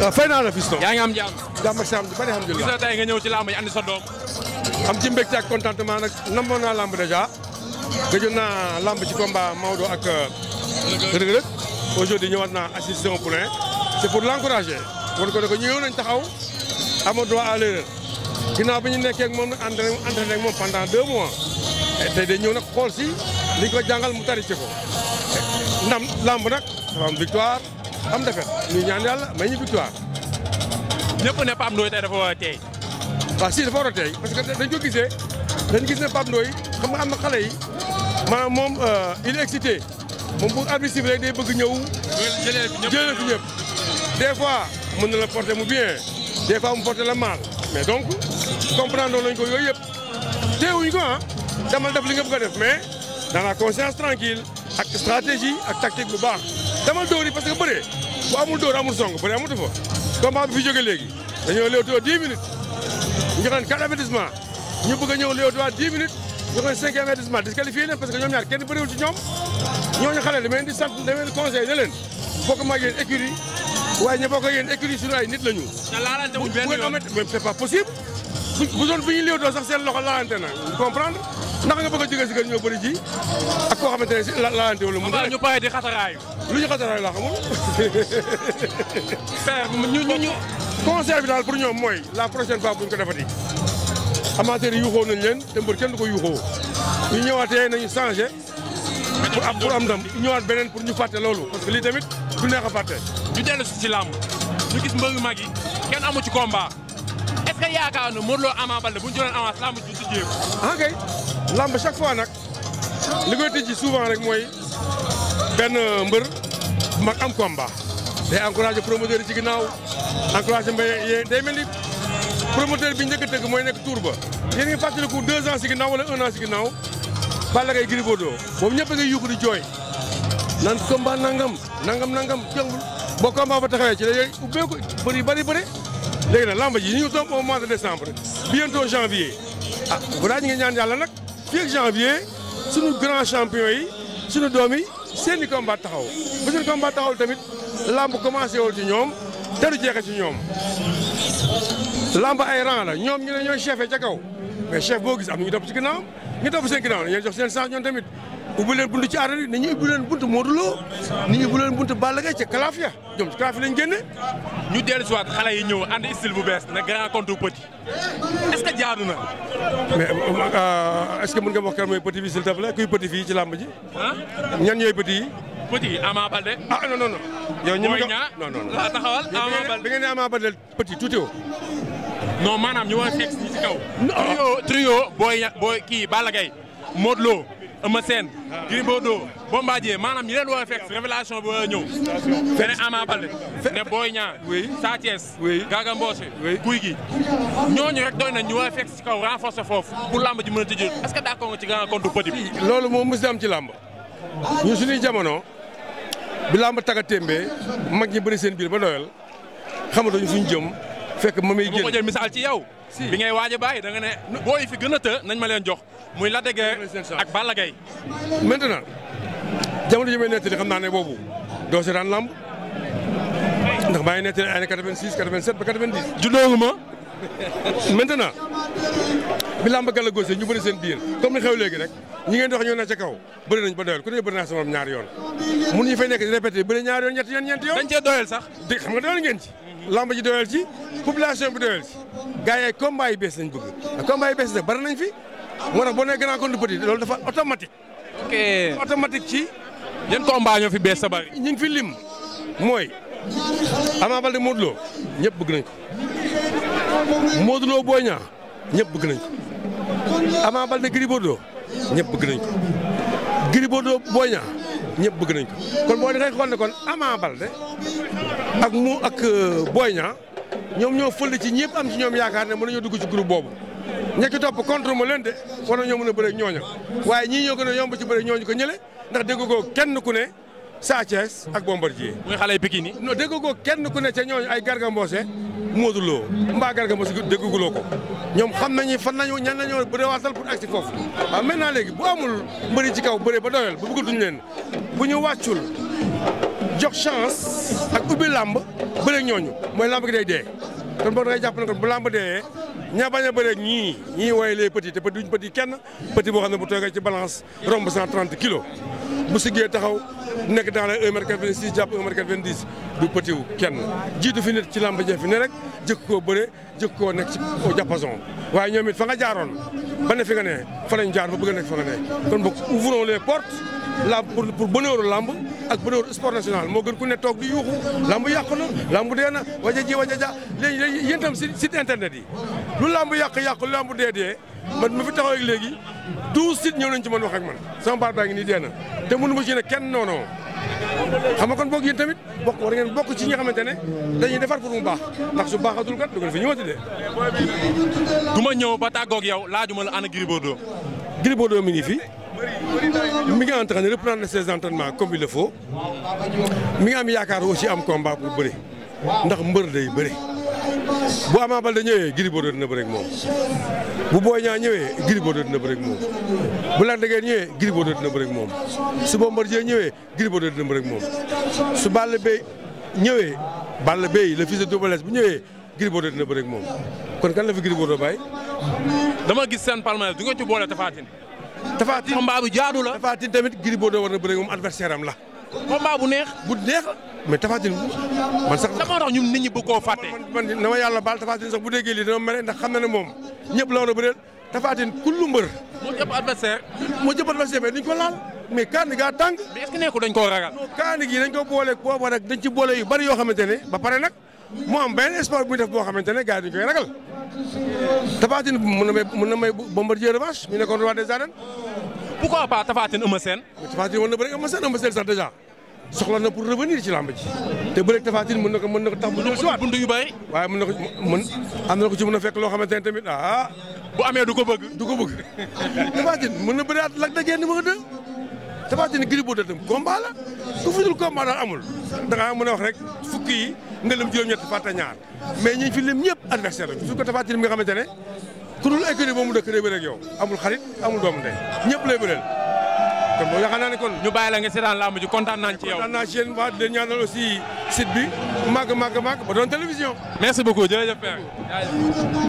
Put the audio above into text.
waaw fay naa la fiston am jàmm jàmm ji bari alhamdulilah gis na tey nga ñëw ci làmb ji andi am ci mbégte ak contentement nag namoon naa làmb dèjà gëjoon na lamb ci combat Maodo ak euh, Reug Reug aujourd'hui ñëwaat naa assister au poulain c'est pour l'encourager wan ko ne ñu ñëw nañ taxaw ama droit à l'erreur naa bi ñu nekkeek moom nag entraîné entraîné ak moom pendant deux mois tey day ñëw nag xool si li ko jàngal mu tari ci ko ndam làmb nag dafa victoire am defet ñu ñaan yàlla may ñu victoire. ñëpp ne Pape Ndoye tey dafa war a tey. waaw a tey parce que dañ ko gisee dañ gis ne Pape Ndoye xam am na xale yi maanaam moom euh, il est excité moom bu arbitre siffle rek bëgg ñëw. jëlee fi ñëpp jëlee fi ñëpp. des fois mën na la porter mu bien des fois mu porter la mal mais donc comprendre lañ ko yooyu yëpp teewuñ ko ah demal def li nga bëgg a def mais dans la conscience ak stratégie ak tactique bu baax. demal dóor yi parce que bëree bu amul dóor amul song bëree amatu fa combat bi fi jóge léegi dañoo léewtoo 10 minutes ñu joxoon 4 avertissement ñu bëgg a ñëw léewtoo 10 minutes ñu joxoon 5 avertissement disqualifié leen parce que ñoom ñaar kenn bëriwul ci ñoom ñooñu xale dama leen di sant dama leen di conseillé ne leen bokk maa yéen écurie waaye ña nit la ñu. te laalante wu benn yoon bu bu ngeen pas possible bu zone bi ñu léewtoo sax seen loxo laalante na comprendre. ndax nga bëgg a jógee si kër ñoo bëri ak koo xamante si la laante ñu pare di xataraayu. lu ñu xataraayu laa xamul. père ñu ñu ñu. concert daal pour ñoom mooy la prochaine fois bu ñu ko defati amateurs yi yuuxoo nañ leen te mbër kenn du ko yuuxoo ñu ñëwaatee nañu changé. pour am pour am ndam ñëwaat beneen pour ñu fàtte loolu parce que lii tamit du neex a ñu dellu si ci làmb ñu gis mbëri yi kenn amu ci combat est-ce que yaakaar na Modou Lo Ama bu ñu jëloon lamb chaque fois nag li koy tëj ci souvent rek mooy benn mbër mag am combat day encouragé promoteur yi ci ginnaaw encouragé mbéy yee day mel ni promoteur bi njëkk a tëgg mooy nekk tour ba yéen ngi fàttaliku deux ans ci ginnaaw wala un an ci ginnaaw Balla Gaye Gris Bordeaux boobu ñëpp a ngi di jooy nan combat nangam nangam nangam jëngul boo combat ba taxawee ci la yooyu ubbeeku bari bëri bëri léegi nag lamb ñu ngi toog au mois de décembre bientôt janvier ah bu daa ñu ngi ñaan yàlla nag fii ak janvier suñu grand champion yi suñu doom yi seen i combat taxaw bu seen combat taxaw tamit lamb commencé wul ci ñoom te du jeexe ci ñoom lamb ay rang la ñoom ñu ne ñooy chef ca kaw mais chef boo gis am na ñu topp ñu topp seen ginnaaw dañuy jox seen chance ñoom tamit ubbi leen bunt ci arène bi nañu ubbi leen bunt Modou Lo nañu ubbi leen bunt Balla Gaye ca Calafia ñoom ci Calafia lañ génne ñu dellu si waat yi ñëw ànd style bu bees na grand contre petit est-ce que jaadu na. mais euh, est que mën nga wax kan mooy petit bi fii ci lamb ji. ñan ñooy petit yi. petit yi Ama Baldé. ah non non non. yow ñu ngi non non non taxawal bi ngeen ne Ama Baldé petit maanaam ñu war a fekk si kaw. trio trio booy booy kii Balla Gaye Modou Eumeu Sène Gris Bordeaux Bombardier maanaam ñi leen war a fekk révélation bi war a ñëw fene Ama Baldé ne Boy Niang Sa Thiès Garga Mbossé Gouye Gui ñooñu rek doy ñu war a fekk ci kaw renforcer foofu pour lamb ji mën a tëjee que d'accord nga ci grand compte petit bi loolu moom mos am ci lamb ñu suñuy jamono bi taga témbee mag ñi bëri seen biir ba doyal xamatuñu fuñ jëm fekk ma may génn ma misaal ci yow bi ngay waaj a bàyyi da nga ne booy fi gën a të nañ ma leen jox muy Lac de Guiers ak Balla Gaye maintenant jamono ji may nettali xam naa ne boobu doo si daan lamb ndax maa ngi nettali année 86 87 ba 90 juddoo ma maintenant bi làmb gàlla gose ñu bëri seen biir comme ni xew léegi rek ñi ngeen dox ñoo na ca kaw bëri nañ ba doyal ku ne bëri naa sama ñaar yoon mun ñu fay nekk di répété ñaar yoon ñetti yoon ñeenti dañ cee doyal ci lamb ji doyal ci population bi doyal ci gars yi combat yu bees nañ bëgg te combat yu bees nag bari nañ fi moo tax boo nee grand contre petit loolu dafa automatique. ok ci. yan combat ñoo fi bees sa bari. ñu ngi fi lim mooy Ama Baldé Modou Lo ñëpp bëgg nañ ko Modou Lo Boy Niang ñëpp bëgg nañ ko Ama Baldé Gris Bordeaux ñëpp bëgg nañ ko kon boo dangay xool ne kon Ama Baldé ak mu ak euh, Boy Niang ñoom ñoo fël ci ñëpp am ci ñoom yaakaar ne mën nañoo dugg ci groupe boobu ña ci topp contre ma leen de war nañoo mën a bëre ñooña waaye ñii ñoo gën a yomb ci bëre ñooñu ko ñële ndax dégg ko kenn ku ne Sa Thiès ak Bombardier. muy xale yu Pikine yi. non dégg ko kenn ku ne ca ñooñu ay Garga Mbossé Modou Lo mbaa Garga Mbossé dégguloo ko ñoom xam nañu fan nañu ñan nañoo bëre waatal pour agsi foofu waaw maintenant léegi bu amul mbëri ci kaw bëre ba doyal ba bëggatuñ leen. bu ñu wàccul jox chance ak ubbi làmb bëre ñooñu mooy làmb gi day dee kon boo dangay jàpp ne kon bu làmb dee ñaa bañ a bëre ñii ñii wooye le petits te petit duñ petit kenn petit boo xam ne bu toogee ci balance romb 130 kilos bu siggee taxaw nekk dans les 1 mètre 86 jàpp 1 mètre 90 du petit wu kenn jiitu fi nit ci làmb jee fi ne rek jëkk koo bëre jëkk koo nekk ci koo jàppason waaye ñoom it fa nga jaaroon ba ne fi nga ne fa lañ jaar ba ne kon boog ouvrons les portes la pour pour bonheuru lamb ak bonheuru sport national moo gën ku ne toog di yuuxu lamb yàqu na lamb dee na waja ji waja ja léegi léegi yéen tam site internet yi lu lamb yàq-yàq lu lamb dee dee man mi fi taxaw ak léegi douze sites ñëw nañ ci man wax ak man sama baat baa ngi nii dee na te mënu ma ci ne kenn noonu xam nga kon boog yéen tamit bokk war ngeen bokk ci ñi nga xamante ne dañuy defar pour mu baax ndax su baaxatul kat du ngeen fi ñëwati de. du ma ñëw ba tàggoog yow laajuma la ana Gris Bordeaux. Gris Bordeaux mi ngi fi. mi ngi en train de reprendre ses entraînements comme il le faut mi ngi am yaakaar aussi am combat pour bëri ndax mbër day bëri bu Ama Baldé ñëwee Gris Bordeaux dina moom bu Boy Niang ñëwee Gris Bordeaux dina bëri ak moom bu Lac de Guiers ñëwee Gris Bordeaux dina bëri moom su Bombardier ñëwee Gris Bordeaux dina bëri ak moom su Balla Beye ñëwee Balla Beye le fils de bu ñëwee Gris Bordeaux dina bëri moom kon kan la fi Gris Bordeaux dama gis seen palmarès du nga ci boole Tapha Tapha Tine combat bu jaadu la. Tapha Tine tamit Gris Bordeaux war na bëre moom adversaire bu neex. bu neex mais Tapha man sax. dama tax ñun nit ñi koo fàtte. man man na ma yàlla baal Tapha sax bu déggee lii dama mere ndax xam na ne moom ñëpp la war a bëreel Tapha Tine kullu mbër. moo jëpp adversaire. moo jëpp adversaire mais ko laal. mais kaani gaa tàng. mais est boole booba nag dañ ci boole yu bari yoo xamante ne ba pare nag mu am benn sport bu ñu def boo xamante ne gars yi dañu koy ragal na may mën na may Bombardier revanche mi nekkoon roi des arènes. pourquoi pas Tapha Tine Eumeu Sène. Tapha Tine na bëri Eumeu Sène Eumeu Sène sax déjà soxla na pour revenir ci làmb te bëri Tapha Tine na ko tax. mën na waaye mën na ko mën am na fekk loo xamante ne tamit ah. bu amee du ko bëgg. du ko bëgg Tapha Tine mën na bëriwaat Lac de Guiers numéro 2. Tapha Tine Gris Bordeaux tam combat la ku fi amul da ngaa mën a wax rek fukki yi nga lim juróom-ñett fàtte ñaar mais ñi fi lim ñëpp adversaire lañu su ko Tapha Tine mi nga xamante ne ku dul écurie ba mu dëkk day yow amul xarit amul doomu ndey ñëpp lay bëreel kon boo yaakaar naa ne kon ñu bàyyi la nga seetaan lamb ji ci yow kontaan leen ñaanal aussi site bi màgg màgg màgg ba doon télévision merci beaucoup jërëjëf père